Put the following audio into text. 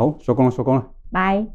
好，收工啦，收工啦，拜。